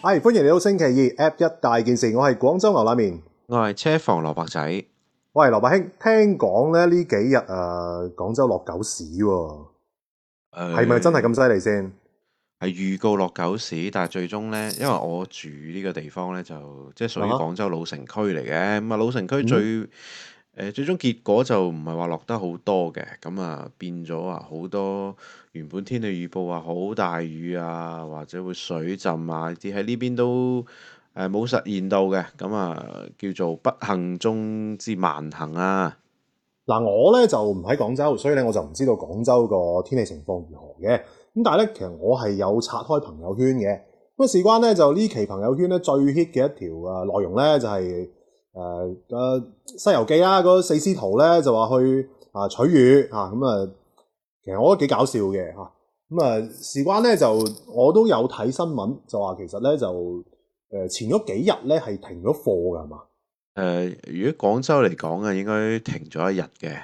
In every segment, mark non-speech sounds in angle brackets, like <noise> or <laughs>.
哎，歡迎嚟到星期二 F1 一大件事，我係廣州牛拉麵，我係車房蘿卜仔，喂，蘿卜兄，聽講咧呢這幾日啊，廣、呃、州落狗屎喎、哦，係咪、呃、真係咁犀利先？係預告落狗屎，但係最終咧，因為我住呢個地方咧，就即係屬於廣州老城區嚟嘅，咁啊老城區最。嗯誒最終結果就唔係話落得好多嘅，咁啊變咗啊好多原本天氣預報話好大雨啊，或者會水浸啊，啲喺呢邊都誒冇、呃、實現到嘅，咁啊叫做不幸中之萬幸啊！嗱，我咧就唔喺廣州，所以咧我就唔知道廣州個天氣情況如何嘅。咁但係咧，其實我係有刷開朋友圈嘅。咁啊，事關咧就呢期朋友圈咧最 hit 嘅一條啊內容咧就係、是。誒，誒，呃《西遊記》啊啊嗰四師徒咧就話去啊取雨，啊咁啊，其實我都幾搞笑嘅。吓。咁啊，啊，事關咧就我都有睇新聞，就話其實咧就誒、呃、前嗰幾日咧係停咗課噶係嘛？誒、呃，如果廣州嚟講啊，應該停咗一日嘅，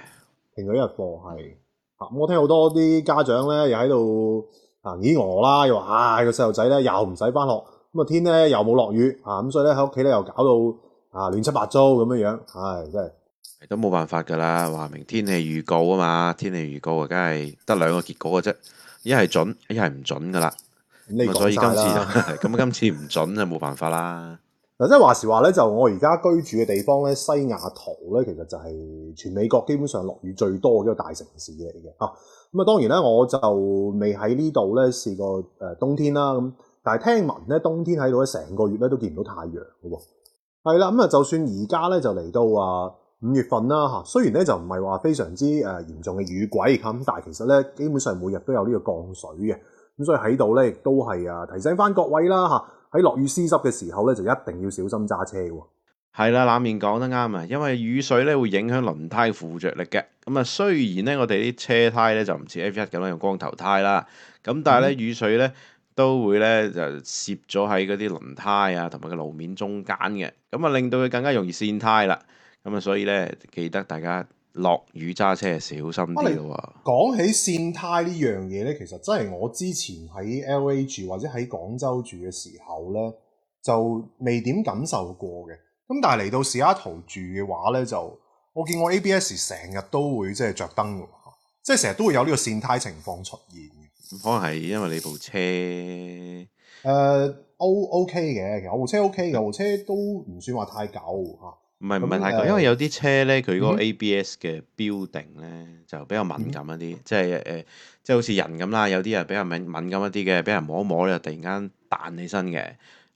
停咗一日課係。咁、啊、我聽好多啲家長咧又喺度、呃、啊咦啦，啦，又話啊個細路仔咧又唔使翻學，咁啊天咧又冇落雨啊，咁所以咧喺屋企咧又搞到。啊，亂七八糟咁樣樣，唉，真係，都冇辦法噶啦。話明天氣預告啊嘛，天氣預告啊，梗係得兩個結果嘅啫，一係準，一係唔準噶啦。所以今次，咁 <laughs> 今次唔準就冇辦法啦。嗱，即係話時話咧，就我而家居住嘅地方咧，西雅圖咧，其實就係全美國基本上落雨最多嘅一個大城市嚟嘅。吓，咁啊，當然咧，我就未喺呢度咧試過誒冬天啦。咁但係聽聞咧，冬天喺度咧成個月咧都見唔到太陽係啦，咁啊，就算而家咧就嚟到話五月份啦吓，雖然咧就唔係話非常之誒嚴重嘅雨季，咁但係其實咧基本上每日都有呢個降水嘅，咁所以喺度咧亦都係啊提醒翻各位啦吓，喺落雨絲濕嘅時候咧就一定要小心揸車。係啦，冷面講得啱啊，因為雨水咧會影響輪胎附着力嘅，咁啊雖然咧我哋啲車胎咧就唔似 F 一咁樣用光頭胎啦，咁但係咧雨水咧。嗯都會咧就攝咗喺嗰啲輪胎啊，同埋個路面中間嘅，咁啊令到佢更加容易跣胎啦。咁啊，所以咧記得大家落雨揸車小心啲咯。講、啊、起跣胎呢樣嘢咧，其實真係我之前喺 L A 住或者喺廣州住嘅時候咧，就未點感受過嘅。咁但係嚟到西雅圖住嘅話咧，就我見過 A B S 成日都會即係着燈，即係成日都會有呢個跣胎情況出現。可能係因為你部車誒，O O K 嘅。其實我部車 O K 嘅，部車都唔算話太舊吓。唔係唔係太舊，因為有啲車咧，佢嗰個 A B S 嘅標定咧就比較敏感一啲、uh, 呃，即係誒，即係好似人咁啦。有啲人比較敏敏感一啲嘅，俾人摸一摸咧，就突然間彈起身嘅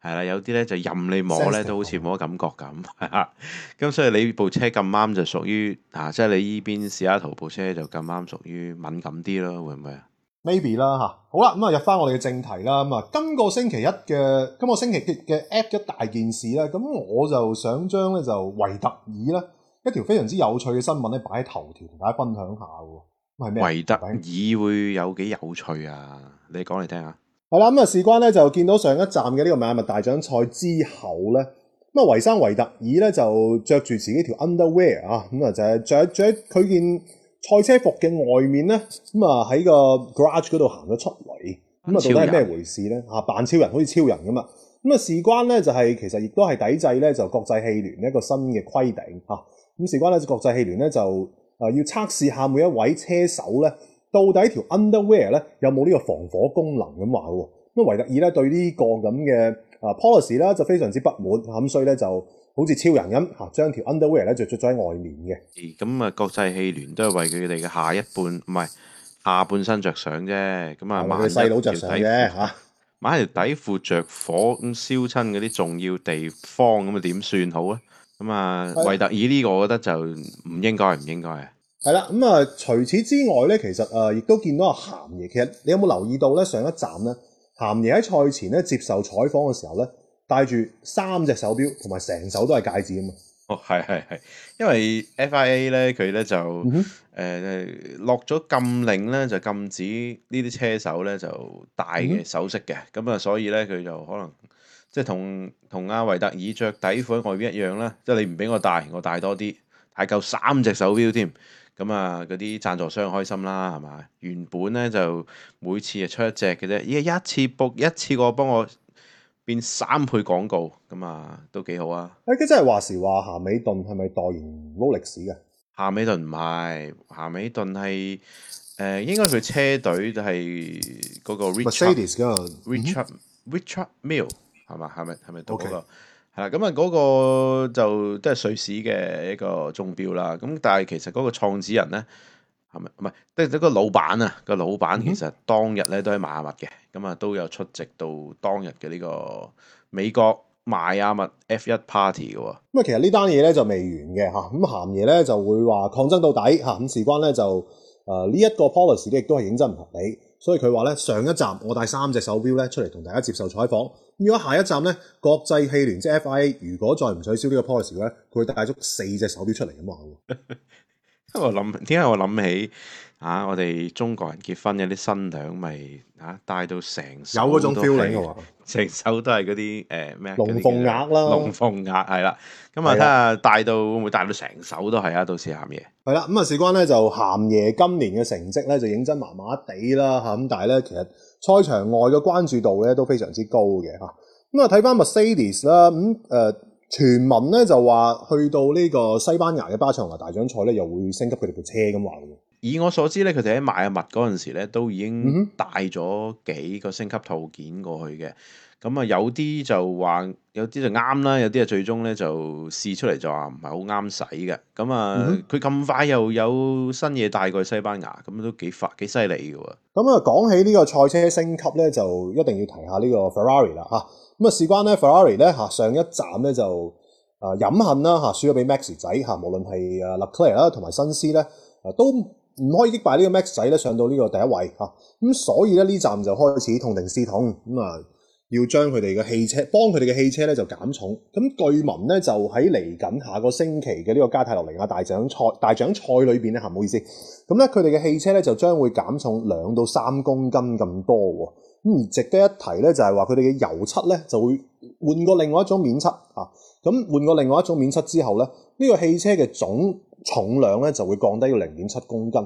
係啦。有啲咧就任你摸咧，的都好似冇乜感覺咁。咁 <laughs> 所以你部車咁啱就屬於啊，即係你依邊試下圖部車就咁啱，屬於敏感啲咯，會唔會啊？maybe 啦吓，好啦咁啊入翻我哋嘅正題啦咁啊，今個星期一嘅今個星期嘅 app 一大件事啦，咁我就想將咧就維特爾呢，一條非常之有趣嘅新聞咧擺喺頭條同大家分享下嘅，係咩？維特爾會有幾有趣啊？你講嚟聽下。係啦，咁啊事關咧就見到上一站嘅呢個邁阿密大獎賽之後咧，咁啊維生維特爾咧就着住自己條 underwear 啊，咁啊就係着着佢件。賽車服嘅外面咧，咁啊喺個 garage 嗰度行咗出嚟，咁啊超人？到底係咩回事咧？嚇扮超人，好似超人咁嘛。咁、嗯、啊事關咧就係、是、其實亦都係抵制咧，就國際汽聯一個新嘅規定嚇。咁、啊、事關咧，國際汽聯咧就、呃、要測試下每一位車手咧，到底條 underwear 咧有冇呢個防火功能咁話喎。咁、嗯、維特爾咧對這個這呢個咁嘅啊 policy 咧就非常之不滿，咁所以咧就。好似超人咁將條 underwear 咧著出咗喺外面嘅。咁啊、嗯，國際汽聯都係為佢哋嘅下一半，唔係下半身着想啫。咁啊，買細佬着上嘅嚇，買條底褲着火咁燒親嗰啲重要地方，咁啊點算好啊？咁啊，維特爾呢個，我覺得就唔應該，唔應該啊。係啦，咁啊，除此之外咧，其實亦都見到阿咸爺，其實你有冇留意到咧？上一站咧，咸爺喺賽前咧接受採訪嘅時候咧，戴住三隻手錶同埋成手都係戒指啊嘛！哦，係係係，因為 FIA 咧佢咧就誒落咗禁令咧，就禁止呢啲車手咧就戴嘅首、嗯、哼飾嘅，咁啊，所以咧佢就可能即係同同阿維特爾着底褲喺外邊一樣啦，即係你唔俾我戴，我戴多啲，戴夠三隻手錶添，咁啊嗰啲贊助商開心啦，係嘛？原本咧就每次就出一隻嘅啫，依家一次 book 一次過幫我。變三倍廣告咁啊，都幾好啊！誒，佢真係話時話咸美頓係咪代言勞力士嘅？咸美頓唔係，咸美頓係誒、呃，應該佢車隊就係嗰個 Richard, 的 Richard 嘅 Richard Mill 係嘛？係咪係咪都嗰個係啦？咁啊 Okay，嗰個就都係瑞士嘅一個鐘錶啦。咁但係其實嗰個創始人咧。係咪唔係？即係一個老闆啊，個老闆其實當日咧都喺邁阿密嘅，咁啊都有出席到當日嘅呢個美國邁阿密 F 一 party 嘅。咁啊，其實呢單嘢咧就未完嘅，吓，咁咸爺咧就會話抗爭到底吓，咁事關咧就誒呢一個 policy 咧亦都係認真唔合理，所以佢話咧上一站我帶三隻手表咧出嚟同大家接受採訪，如果下一站咧國際汽聯即係 FIA 如果再唔取消呢個 policy 咧，佢會帶足四隻手表出嚟咁話。 <laughs> 我諗點解我諗起、啊、我哋中國人結婚有啲新娘咪、就是、啊帶到成手，有嗰種 feel 嘅成手都係嗰啲誒咩？龍鳳鈪啦，龍鳳鈪係啦。咁啊睇下帶到會唔會帶到成手都係啊？到時咸爺係啦。咁啊、嗯、事關咧就咸爺今年嘅成績咧就認真麻麻哋啦吓。咁、嗯、但係咧其實賽場外嘅關注度咧都非常之高嘅吓。咁啊睇翻 Mercedes 啦，咁誒、嗯。呃傳聞咧就話，去到呢個西班牙嘅巴塞隆拿大獎賽咧，又會升級佢哋部車咁話嘅。以我所知咧，佢哋喺邁阿密嗰陣時咧，都已經帶咗幾個升級套件過去嘅。咁啊，有啲就話，有啲就啱啦，有啲啊最終咧就試出嚟就話唔係好啱使嘅。咁啊，佢咁、嗯、哼快又有新嘢帶過去西班牙，咁都幾快幾犀利嘅。咁啊，講起呢個賽車升級咧，就一定要提下呢個 Ferrari 啦，吓。咁啊，事關咧 Ferrari 咧吓，上一站咧就啊飲恨啦，吓，啊，輸咗俾 Max 仔，吓，啊，無論係 Leclerc 啦，同埋 Sainz 咧，都唔可以擊敗呢個 Max 仔咧上到呢個第一位吓。咁，啊，所以咧呢站就開始痛定思痛咁啊。要將佢哋嘅汽車幫佢哋嘅汽車咧就減重，咁據聞咧就喺嚟緊下個星期嘅呢個加泰羅尼亞大獎賽大獎賽裏邊咧，吓、啊、唔好意思，咁咧佢哋嘅汽車咧就將會減重兩到三公斤咁多，咁、嗯、而值得一提咧就係話佢哋嘅油漆咧就會換過另外一種面漆啊，咁換過另外一種面漆之後咧，呢、這個汽車嘅總重量咧就會降低到零點七公斤。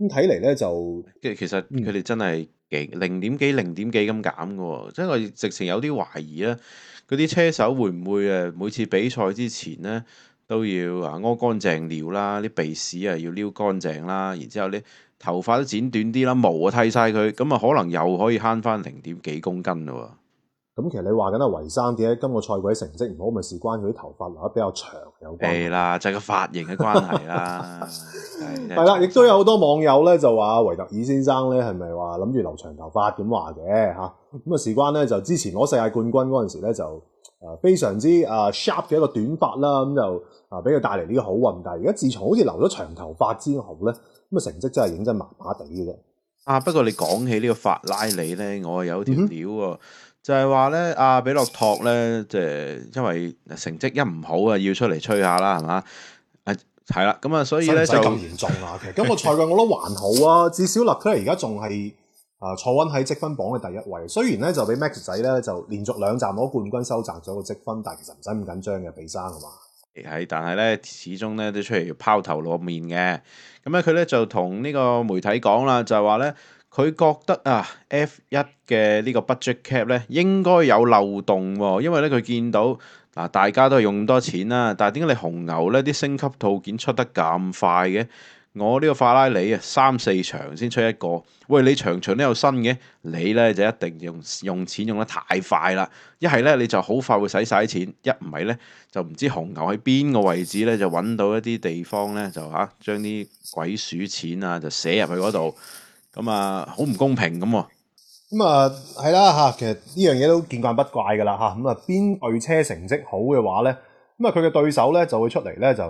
咁睇嚟咧就，即係其實佢哋真係幾、嗯、零,零點幾零點幾咁減嘅喎，即係我直情有啲懷疑啦，嗰啲車手會唔會誒每次比賽之前咧都要啊屙乾淨尿啦，啲鼻屎啊要撩乾淨啦，然之後咧頭髮都剪短啲啦，毛啊剃晒佢，咁啊可能又可以慳返零點幾公斤喎。咁其實你話緊阿維生點解今個賽季成績唔好，咪事關佢啲頭髮留得比較長有關係？係啦，就係、是、個髮型嘅關係啦。係啦，亦都有好多網友咧就話維特爾先生咧係咪話諗住留長頭髮咁話嘅吓？咁啊事關咧就之前攞世界冠軍嗰陣時咧就誒非常之誒 sharp 嘅一個短髮啦，咁就啊俾佢帶嚟呢個好運。但係而家自從好似留咗長頭髮之後咧，咁啊成績真係影真麻麻地嘅。啊，不過你講起呢個法拉利咧，我有啲料啊。嗯就係話咧，阿、啊、比洛托咧，就、呃、係因為成績一唔好啊，要出嚟吹下啦，係嘛？係係啦，咁啊，所以咧就咁嚴重啊，其實今個賽季，啊、 <laughs> 我覺得還好啊，至少啦，佢而家仲係啊坐穩喺積分榜嘅第一位。雖然咧就俾 Max 仔咧就連續兩站攞冠軍，收窄咗個積分，但係其實唔使咁緊張嘅，比生係嘛？係，但係咧，始終咧都出嚟要拋頭露面嘅。咁啊，佢咧就同呢個媒體講啦，就係話咧。佢覺得啊，F1 嘅呢個 budget cap 咧應該有漏洞喎、哦，因為咧佢見到嗱大家都係用咁多錢啦、啊，但係點解你紅牛咧啲升級套件出得咁快嘅？我呢個法拉利啊，三四場先出一個，喂你場場都有新嘅，你咧就一定用用錢用得太快啦！一係咧你就好快會使晒錢，一唔係咧就唔知紅牛喺邊個位置咧就揾到一啲地方咧就嚇將啲鬼鼠錢啊就寫入去嗰度。咁啊，好唔公平咁喎！咁啊，係啦吓，其實呢樣嘢,都見慣不怪噶啦吓。咁、嗯、啊，邊隊車成績好嘅話咧，咁啊，佢嘅對手咧就會出嚟咧就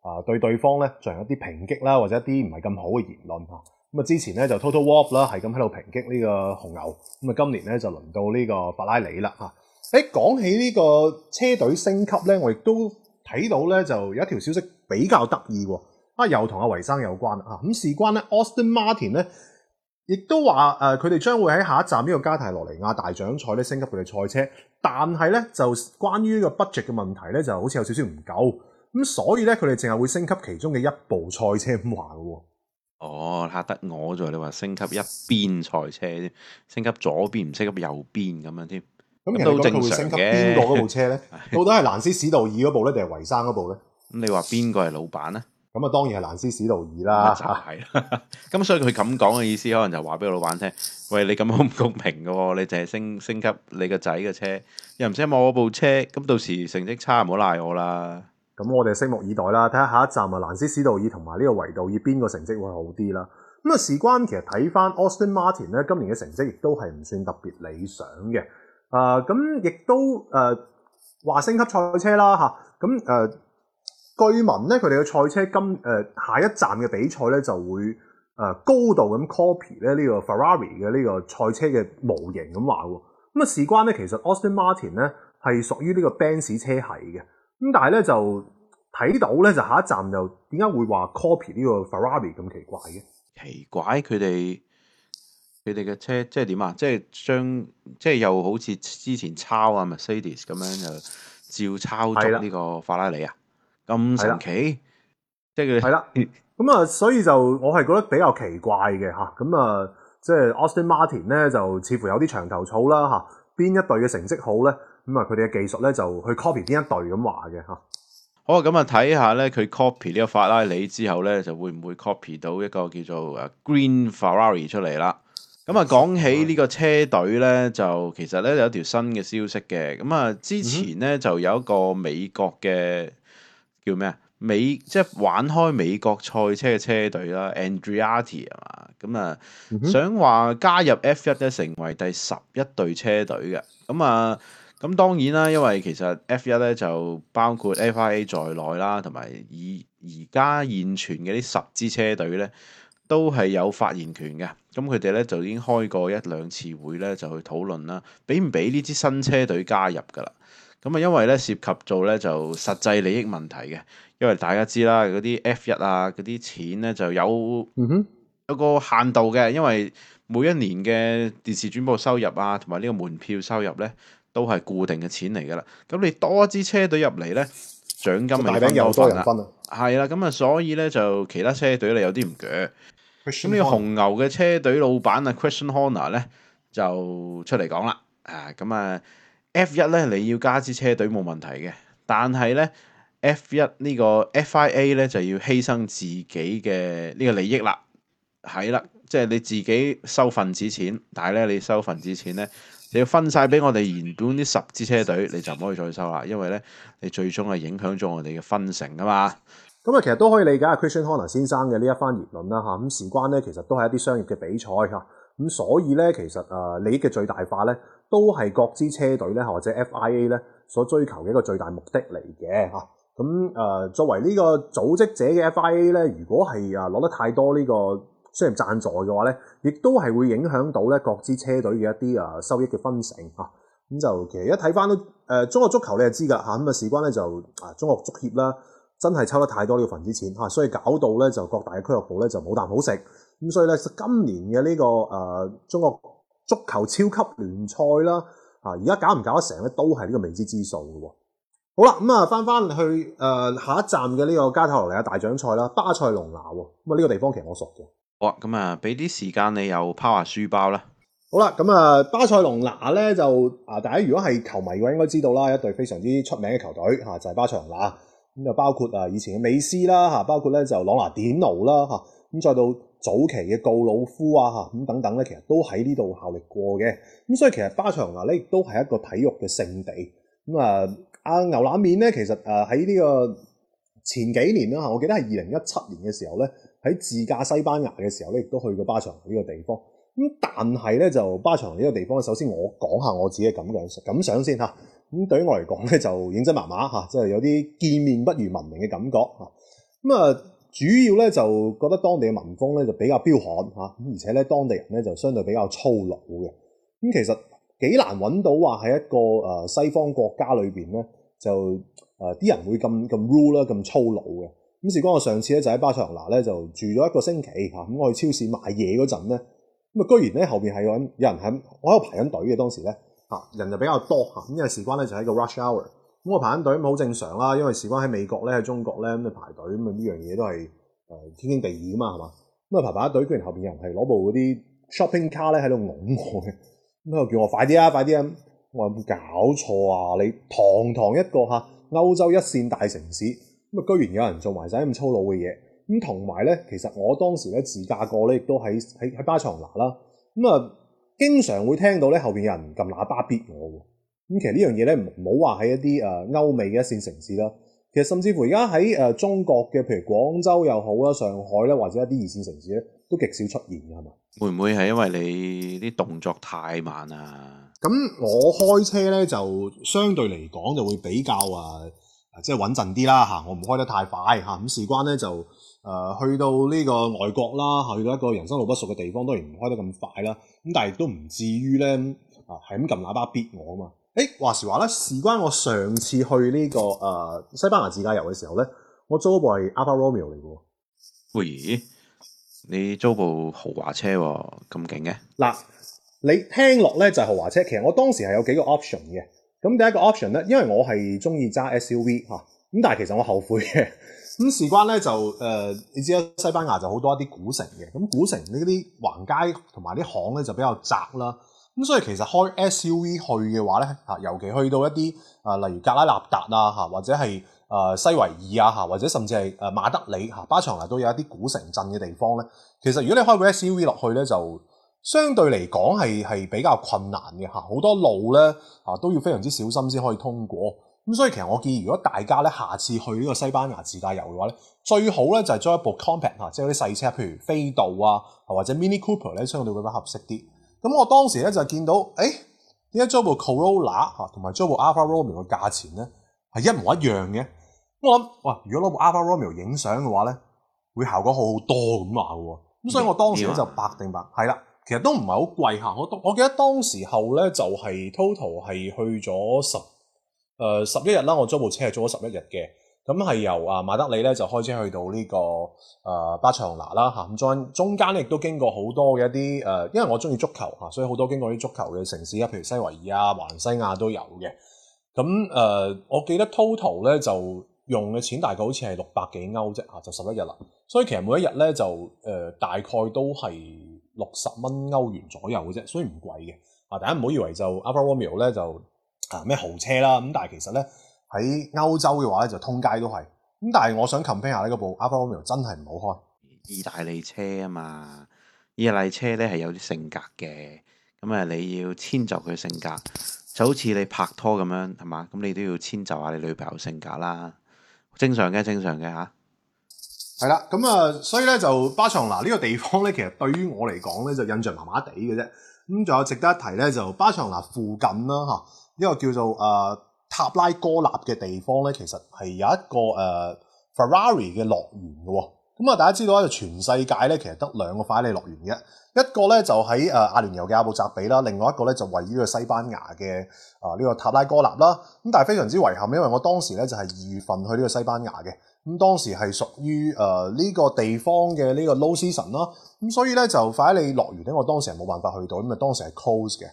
啊，對對方咧進行一啲抨擊啦，或者一啲唔係咁好嘅言論吓。咁、嗯、啊，之前咧就 Toto Wolff 啦，係咁喺度抨擊呢個紅牛。咁、嗯、啊，今年咧就輪到呢個法拉利啦吓。誒、嗯，講起呢個車隊升級咧，我亦都睇到咧就有一條消息比較得意喎。啊，又同阿維生有關。咁、嗯、事關咧 Aston Martin 咧。亦都話誒，佢哋將會喺下一站呢個加泰羅尼亞大獎賽咧，升級佢哋賽車。但係咧，就關於個 budget 嘅問題咧，就好似有少少唔夠咁，所以咧，佢哋淨係會升級其中嘅一部賽車咁話嘅喎。哦，嚇得我咗！你話升級一邊賽車，升級左邊唔升級右邊咁樣添？咁到底佢會升級邊個嗰部車咧？ <laughs> 到底係蘭斯史道爾嗰部咧，定係維生嗰部咧？咁、嗯、你話邊個係老闆咧？咁啊，當然係蘭斯史道爾啦，係。咁所以佢咁講嘅意思，可能就話俾老闆聽，喂，你咁好唔公平嘅喎，你淨係升升級你個仔嘅車，又唔使升我部車，咁到時成績差唔好賴我啦。咁我哋拭目以待啦，睇下下一站啊，蘭斯史道爾同埋呢個維特爾邊個成績會好啲啦。咁啊，事關其實睇翻 Aston Martin 咧，今年嘅成績亦都係唔算特別理想嘅。啊、呃，咁亦都誒話升級賽車啦，嚇、啊，咁誒。呃據聞咧，佢哋嘅賽車今、呃、下一站嘅比賽咧就會、呃、高度咁 copy 咧呢、呢個 Ferrari 嘅呢個賽車嘅模型咁話喎。咁、嗯、啊，事關咧，其實 Austin Martin 咧係屬於呢個 Benz 車系嘅。咁但係咧就睇到咧就下一站又點解會話 copy 呢個 Ferrari 咁奇怪嘅？奇怪，佢哋佢哋嘅車即係點啊？即係將即係又好似之前抄啊 Mercedes 咁樣就照抄咗呢個法拉利啊？咁神奇，即係佢係啦，咁啊，所以就我係覺得比較奇怪嘅吓，咁啊，即係 Austin Martin 咧就似乎有啲長頭草啦吓，邊一隊嘅成績好咧，咁啊佢哋嘅技術咧就去 copy 邊一隊咁話嘅吓。好啊，咁啊睇下咧佢 copy 呢個法拉利之後咧就會唔會 copy 到一個叫做誒 Green Ferrari 出嚟啦。咁啊講起呢個車隊咧就其實咧有一條新嘅消息嘅，咁啊之前咧、嗯、哼就有一個美國嘅。叫咩啊？美即係玩開美國賽車嘅車隊啦 Andretti 係嘛，咁啊想話加入 F 一咧，成為第十一隊車隊嘅，咁啊咁當然啦，因為其實 F 一咧就包括 FIA 在內啦，同埋以而家現，現存嘅呢十支車隊咧。都係有發言權嘅，咁佢哋咧就已經開過一兩次會咧，就去討論啦，俾唔俾呢支新車隊加入噶啦？咁啊，因為咧涉及做咧就實際利益問題嘅，因為大家知啦，嗰啲 F1 啊，嗰啲錢咧就有、嗯、哼有個限度嘅，因為每一年嘅電視轉播收入啊，同埋呢個門票收入咧，都係固定嘅錢嚟噶啦。咁你多支車隊入嚟咧，獎金咪分多分啦。係啦，咁啊，所以咧就其他車隊你有啲唔鋸。咁呢個紅牛嘅車隊老闆啊，Christian Horner 咧就出嚟講啦，啊咁啊 F 一咧你要加支車隊冇問題嘅，但係咧 F 一呢個 FIA 咧就要犧牲自己嘅呢個利益啦，係啦，即係你自己收份子錢，但係咧你收份子錢咧你要分晒俾我哋原本啲十支車隊，你就唔可以再收啦，因為咧你最終係影響咗我哋嘅分成噶嘛。咁啊，其實都可以理解下 Christian Horner 先生嘅呢一番言論啦嚇。咁時關咧，其實都係一啲商業嘅比賽嚇。咁所以咧，其實啊，利益嘅最大化咧，都係各支車隊咧，或者 FIA 咧所追求嘅一個最大目的嚟嘅嚇。咁啊，作為呢個組織者嘅 FIA 咧，如果係啊攞得太多呢個商業贊助嘅話咧，亦都係會影響到咧各支車隊嘅一啲啊收益嘅分成嚇。咁就其實一睇翻都誒，中國足球你就知㗎嚇。咁啊，時關咧就啊，中國足協啦。真係抽得太多呢、這個份子錢、啊、所以搞到咧就各大嘅俱樂部咧就冇啖好食。咁所以咧今年嘅呢、這個誒、呃、中國足球超級聯賽啦嚇，而、啊、家搞唔搞得成咧都係呢個未知之數嘅。啊、好啦，咁啊翻翻去誒、呃、下一站嘅呢個加泰羅尼亞大獎賽啦，巴塞隆拿喎。咁啊呢、啊這個地方其實我熟嘅。好啊、哦，咁啊俾啲時間你又拋下書包啦。好啦，咁、嗯、啊巴塞隆拿咧就啊大家如果係球迷嘅話，應該知道啦，一隊非常之出名嘅球隊嚇、啊，就係、是、巴塞隆拿。咁就包括啊，以前嘅美斯啦，嚇，包括咧就朗拿甸奴啦，嚇，咁再到早期嘅告魯夫啊，嚇，咁等等咧，其實都喺呢度效力過嘅。咁所以其實巴塞隆拿咧亦都係一個體育嘅聖地。咁啊，阿牛腩麵咧，其實誒喺呢個前幾年啦，嚇，我記得係二零一七年嘅時候咧，喺自駕西班牙嘅時候咧，亦都去過巴塞隆拿呢個地方。咁但係咧，就巴塞隆拿呢個地方，首先我講下我自己嘅感想，感想先嚇。咁對於我嚟講咧，就認真麻麻嚇，即係有啲見面不如文明嘅感覺嚇。咁啊，主要咧就覺得當地嘅民風咧就比較彪悍嚇，咁而且咧當地人咧就相對比較粗魯嘅。咁其實幾難揾到話喺一個西方國家裏面咧，就啲人會咁咁 rude 啦，咁粗魯嘅。咁事關我上次咧就喺巴塞隆拿咧就住咗一個星期嚇，咁我去超市買嘢嗰陣咧，咁啊居然咧後面係有人有人喺我喺度排緊隊嘅當時咧。啊，人就比較多嚇，咁因為時關咧就喺個 rush hour，咁我排緊隊咁好正常啦，因為時關喺美國咧喺中國咧咁排隊咁啊呢樣嘢都係誒天經地義噶嘛，係嘛？咁啊排排緊隊，居然後邊有人係攞部嗰啲 shopping car 咧喺度㧬我嘅，咁啊叫我快啲啊快啲啊！我有冇搞錯啊，你堂堂一個嚇歐洲一線大城市，咁啊居然有人做埋曬咁粗魯嘅嘢，咁同埋咧其實我當時咧自駕過咧亦都喺喺喺巴塞拿啦，咁啊。經常會聽到咧後面有人撳喇叭逼我喎，咁其實呢樣嘢咧唔好話喺一啲誒歐美嘅一線城市啦，其實甚至乎而家喺中國嘅譬如廣州又好啦、上海啦，或者一啲二線城市咧都極少出現㗎嘛。係咪？會唔會係因為你啲動作太慢啊？咁我開車咧就相對嚟講就會比較啊即係穩陣啲啦嚇，我唔開得太快嚇，咁事關咧就。誒，去到呢個外國啦，去到一個人生路不熟嘅地方，當然唔開得咁快啦。咁但係都唔至於咧，啊，係咁撳喇叭逼我啊嘛。誒、啊啊啊啊啊啊啊，話時話啦，事關我上次去呢、這個誒、啊、西班牙自駕遊嘅時候咧，我租部係 Alfa Romeo 嚟嘅。喂、欸，你租部豪華車咁勁嘅？嗱，你聽落咧就係豪華車。其實我當時係有幾個 option 嘅。咁第一個 option 咧，因為我係中意揸 SUV 吓，咁但係其實我後悔嘅。咁事關咧就誒，你知啦，西班牙就好多一啲古城嘅。咁古城呢啲橫街同埋啲巷咧就比較窄啦。咁所以其實開 SUV 去嘅話咧，嚇，尤其去到一啲啊，例如格拉納達啊，嚇，或者係啊西維爾啊，嚇，或者甚至係誒馬德里嚇，巴場嗱都有一啲古城鎮嘅地方咧。其實如果你開 SUV 落去咧，就相對嚟講係係比較困難嘅嚇，好多路咧嚇都要非常之小心先可以通過。咁所以其實我建議，如果大家咧下次去呢個西班牙自駕遊嘅話咧，最好咧就係將一部 compact 吓，即係啲細車，譬如飛度啊，或者 mini cooper 咧，相對會比較合適啲。咁我當時咧就見到，誒點解將部 Corolla 吓，同埋將部 Alfa Romeo 嘅價錢咧係一模一樣嘅？我諗哇，如果攞部 Alfa Romeo 影相嘅話咧，會效果好好多咁話喎，咁所以我當時就白定白，係啦 yeah.，其實都唔係好貴嚇。我我記得當時候咧就係 total 係去咗十。誒十一日啦，我租部車係租咗十一日嘅，咁係由啊馬德里咧就開車去到呢、這個誒、呃、巴塞隆拿啦，行咁中中間咧亦都經過好多嘅一啲誒、呃，因為我中意足球、啊、所以好多經過啲足球嘅城市啊，譬如西維爾啊、環西亞都有嘅。咁誒、呃，我記得 total 咧就用嘅錢大概好似係六百幾歐啫嚇，就十一日啦。所以其實每一日咧就誒、呃、大概都係六十蚊歐元左右嘅啫，所以唔貴嘅。啊，大家唔好以為就 Alfa Romeo 咧就。啊！咩豪車啦咁，但係其實咧喺歐洲嘅話咧，就通街都係咁。但係我想 compare 下呢嗰部 Alfa Romeo 真係唔好開。意大利車啊嘛，意大利車咧係有啲性格嘅，咁啊你要遷就佢性格，就好似你拍拖咁樣，係嘛？咁你都要遷就下你女朋友性格啦，正常嘅，正常嘅吓，係啦，咁啊，所以咧就巴塞羅那呢個地方咧，其實對於我嚟講咧，就印象麻麻地嘅啫。咁仲有值得一提咧，就巴塞羅那附近啦吓呢個叫做啊、呃、塔拉哥納嘅地方咧，其實係有一個、呃、Ferrari 嘅樂園嘅喎。咁、嗯、啊，大家知道咧，全世界咧其實得兩個法拉利樂園嘅，一個咧就喺誒阿聯酋嘅阿布扎比啦，另外一個咧就位於西班牙嘅啊呢個塔拉哥納啦。咁、嗯、但係非常之遺憾，因為我當時咧就係、是、二月份去呢個西班牙嘅，咁、嗯、當時係屬於誒呢、呃這個地方嘅呢個 Low Season 啦、嗯。咁所以咧就法拉利樂園咧，我當時係冇辦法去到，咁啊當時係 close 嘅。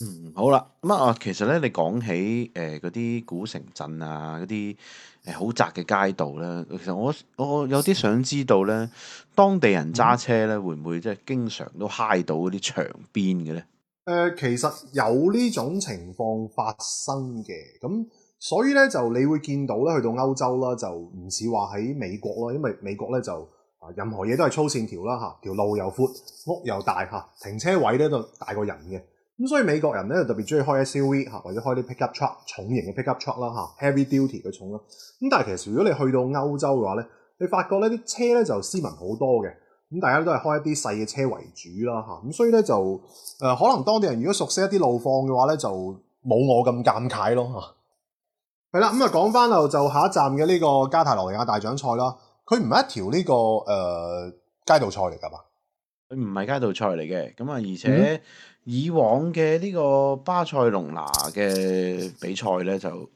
嗯，好啦，咁啊，其實咧，你講起誒嗰啲古城鎮啊，嗰啲誒好窄嘅街道咧，其實我我有啲想知道咧，當地人揸車咧、嗯、會唔會即係經常都揩到嗰啲牆邊嘅咧？誒、呃，其實有呢種情況發生嘅，咁所以咧就你會見到咧去到歐洲啦，就唔似話喺美國啦，因為美國咧就啊任何嘢都係粗線條啦吓，條路又闊，屋又大吓，停車位咧都大過人嘅。咁所以美國人咧特別中意開 SUV 或者開啲 pickup truck 重型嘅 pickup truck 啦 heavy duty 嘅重啦。咁但係其實如果你去到歐洲嘅話咧，你發覺咧啲車咧就斯文好多嘅。咁大家都係開一啲細嘅車為主啦，咁所以咧就、呃、可能當地人如果熟悉一啲路況嘅話咧，就冇我咁尷尬咯係啦，咁啊、嗯、講翻又就下一站嘅呢個加泰羅尼亞大獎賽啦。佢唔係一條呢、這個誒、呃、街道賽嚟㗎嘛？佢唔係街道賽嚟嘅。咁啊，而且。嗯以往嘅呢個巴塞隆拿嘅比賽呢，就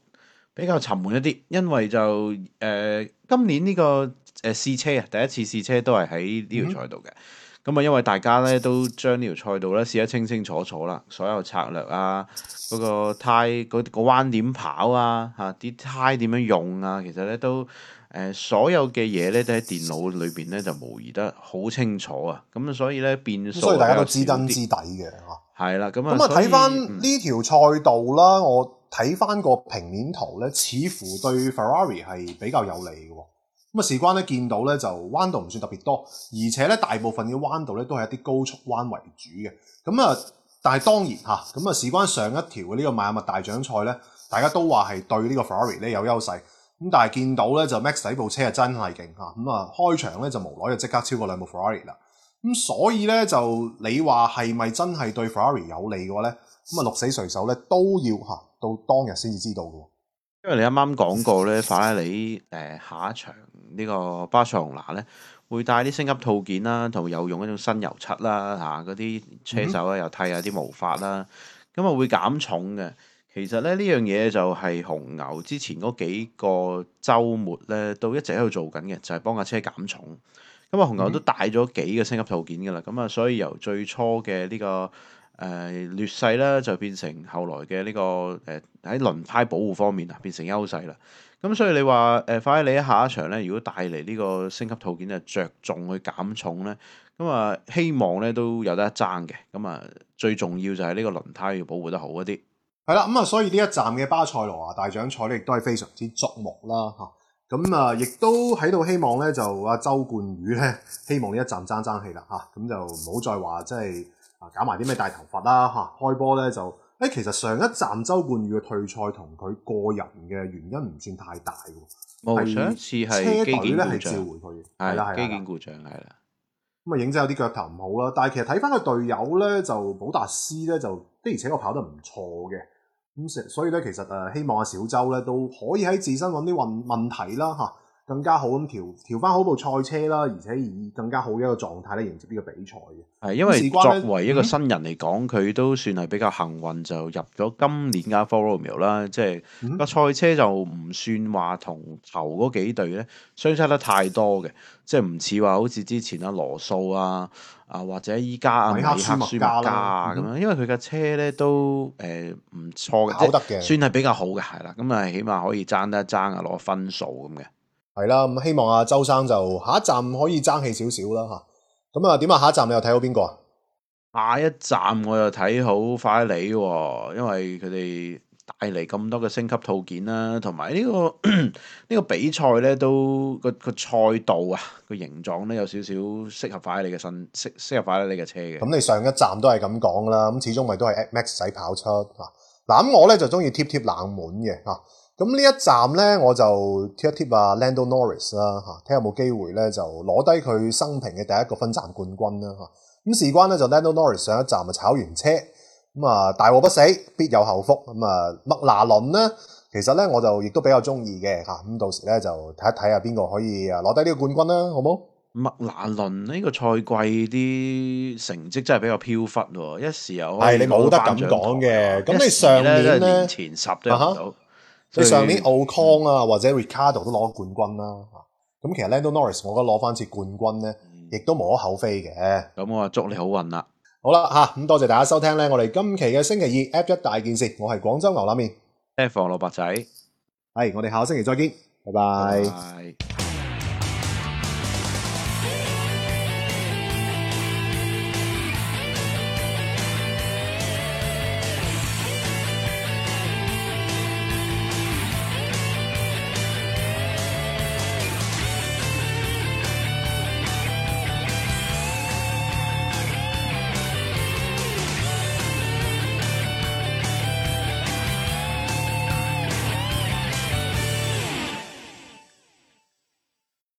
比較沉悶一啲，因為就誒、呃、今年呢個誒試車啊，第一次試車都係喺呢條賽道嘅，咁啊、嗯、因為大家呢都將呢條賽道呢試得清清楚楚啦，所有策略啊，嗰、嗰個胎嗰、嗰個彎點跑啊嚇，啲胎點樣用啊，其實呢都。所有嘅嘢咧都喺電腦裏面咧就模擬得好清楚啊！咁所以咧變所以大家都知根知底嘅，係啦。咁啊，睇翻呢條賽道啦，嗯、我睇翻個平面圖咧，似乎對 Ferrari 係比較有利嘅。咁啊，事關咧見到咧就彎道唔算特別多，而且咧大部分嘅彎道咧都係一啲高速彎為主嘅。咁啊，但係當然嚇，咁啊事關上一條嘅呢個邁阿密大獎賽咧，大家都話係對呢個 Ferrari 咧有優勢。咁但係見到咧就 Max 喺部車係真係勁嚇，咁啊開場咧就無奈就即刻超過兩部 Ferrari 啦。咁所以咧就你話係咪真係對 Ferrari 有利嘅話咧？咁啊鹿死誰手咧都要嚇到當日先至知道嘅。因為你啱啱講過咧，法拉利下一場呢個巴塞隆拿咧會帶啲升級套件啦，同有用一種新油漆啦，嗰啲車手咧又剃下啲毛髮啦，咁啊會減重嘅。其實咧呢樣嘢就係紅牛之前嗰幾個周末咧，都一直喺度做緊嘅，就係、是、幫架車減重。咁啊，紅牛都帶咗幾個升級套件噶啦，咁啊、嗯，所以由最初嘅呢、這個誒、呃、劣勢咧，就變成後來嘅呢、這個誒、喺、呃、輪胎保護方面啊，變成優勢啦。咁所以你話誒、呃，快喺你下一場咧，如果帶嚟呢個升級套件着重去減重咧，咁啊，希望咧都有得爭嘅。咁啊，最重要就係呢個輪胎要保護得好一啲。係啦，咁啊，所以呢一站嘅巴塞羅啊大獎賽咧，亦都係非常之矚目啦，吓咁啊，亦、啊、都喺度希望咧，就阿周冠宇咧，希望呢一站爭爭氣啦，吓、啊、咁就唔好再話即係啊搞埋啲咩大頭佛啦，吓、啊、開波咧就誒、欸，其實上一站周冠宇嘅退賽同佢個人嘅原因唔算太大，冇錯，係車隊咧係召回佢嘅，係啦，機件故障係啦。咁啊，影真有啲腳頭唔好啦，但係其實睇翻個隊友咧，就寶達斯咧，就的而且確跑得唔錯嘅。咁所以咧，其實誒，希望阿小周咧都可以喺自身搵啲問問題啦，吓。更加好咁調調翻好部賽車啦，而且以更加好嘅一個狀態咧迎接呢個比賽嘅。係因為作為一個新人嚟講，佢、嗯、都算係比較幸運，就入咗今年嘅 Formula 啦。即係個賽車就唔算話同頭嗰幾隊咧相差得太多嘅，即係唔似話好似之前阿羅素啊，啊或者依家阿米克舒咁樣。嗯、因為佢嘅車咧都誒唔、欸、錯嘅，考得嘅，算係比較好嘅，係啦。咁啊，起碼可以爭得一爭啊，攞分數咁嘅。係啦，咁希望阿周生就下一站可以爭氣少少啦吓。咁啊，點啊？下一站你又睇好邊個啊？下一站我又睇好快你，因為佢哋帶嚟咁多嘅升級套件啦，同埋呢個呢個比賽咧，都個個賽道啊，個形狀咧有少少適合快你嘅身，適適合快你嘅車嘅。咁你上一站都係咁講啦，咁始終咪都係 Max 使跑車啊。嗱咁我咧就中意貼貼冷門嘅吓。咁呢一站咧，我就貼一貼啊，Lando Norris 啦，吓睇下有冇機會咧就攞低佢生平嘅第一個分站冠軍啦，吓、啊、咁事關咧就 Lando Norris 上一站咪炒完車，咁啊大禍不死必有後福，咁啊麥拿倫咧，其實咧我就亦都比較中意嘅，吓、啊、咁到時咧就睇一睇下邊個可以啊攞低呢個冠軍啦，好冇？麥拿倫呢個賽季啲成績真係比較飄忽，一時又係你冇得咁講嘅，咁你上年呢？年前十都唔上年奧康啊，或者 Ricardo 都攞過冠軍啦。咁其實 Lando Norris，我覺得攞翻次冠軍咧，亦都無可厚非嘅。咁我就祝你好運啦。好啦吓咁多謝大家收聽咧，我哋今期嘅星期二 App 一大件事，我係廣州牛腩麵，f 王羅伯仔，係我哋下個星期再見，拜拜。